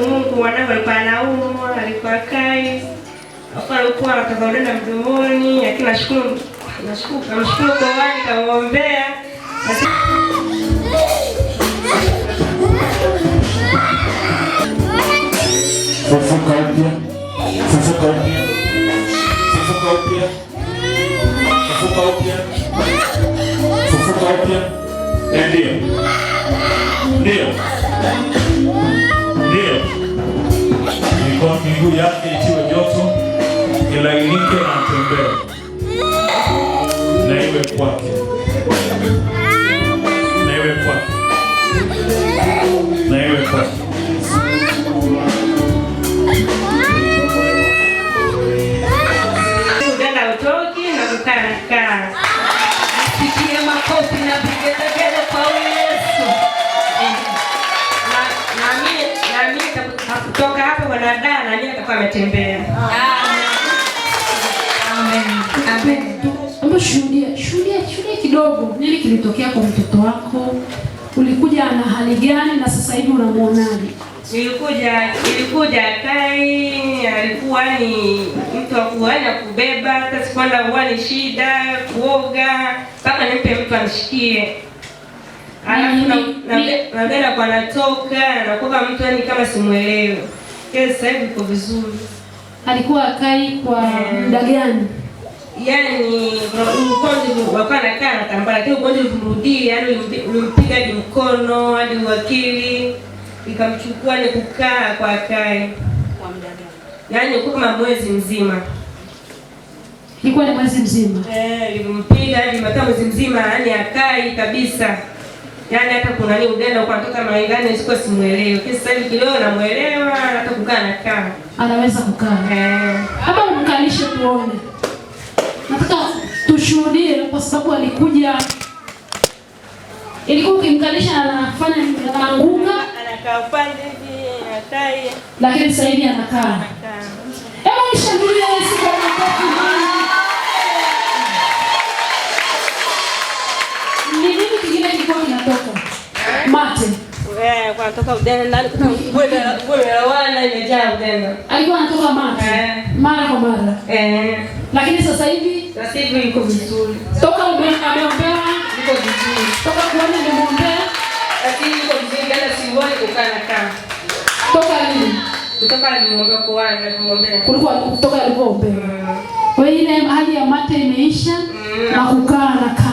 Mungu wanao walipalaumu, alikuwa Kaini, alikuwa anatoka mdomoni, lakini nashukuru namshukuru kwa wani kamwombea Fufuka upya, fufuka upya, fufuka upya, fufuka upya, fufuka upya, eh, ndio, ndio mikono, miguu yake itiwe joto, ilainike na mtembee na iwe kwake. kutoka hapa na nini atakuwa ametembea. Amen. Shuhudia, shuhudia, shuhudia kidogo. Nini kilitokea kwa mtoto wako? Ulikuja na hali gani na sasa hivi unamuonaje? Nilikuja, nilikuja tai alikuwa ni mtu akuana kubeba, hata sikwenda uani shida, kuoga, mpaka nimpe mtu amshikie. Alafu na dada kwa anatoka anakuwa mtu yani kama simuelewi. Kile yaani sasa hivi kwa vizuri. Alikuwa akai kwa muda gani? Yaani ugonjwa wakawa nakaa na tambara, lakini ugonjwa ulimrudii, yani ulimpiga hadi mkono hadi uwakili ikamchukua ni kukaa kwa akai. Yaani uko kama mwezi mzima. Ilikuwa ni mwezi mzima. Eh, ilimpiga hadi mwezi mzima, yani akai kabisa. Yaani hata kuna nini udada kwa mtoto kutoka maingani sikuwa simuelewe. Lakini sasa hivi kidogo namuelewa hata kukaa na kaa. Anaweza kukaa. Eh. Hata umkalishe tuone. Nataka tushuhudie kwa sababu alikuja ilikuwa ukimkalisha anafanya anaanguka, anakaa upande hivi atai. Lakini sasa hivi anakaa. Hebu nishangilie Yesu kwa makofi. kwa natoka udena ndani kuna bwana imejaa udena. Alikuwa anatoka mara eh. mara kwa mara. Eh. Lakini sasa hivi sasa hivi yuko vizuri. Toka umeomba ameombewa yuko vizuri. Toka kuona nimeombea lakini yuko vizuri tena siwani kukana kama. Toka lini? Kutoka alimwombea kuana alimwombea. Kulikuwa kutoka alipoombea. Mm. Wewe ile hali ya mate imeisha mm. na kukaa na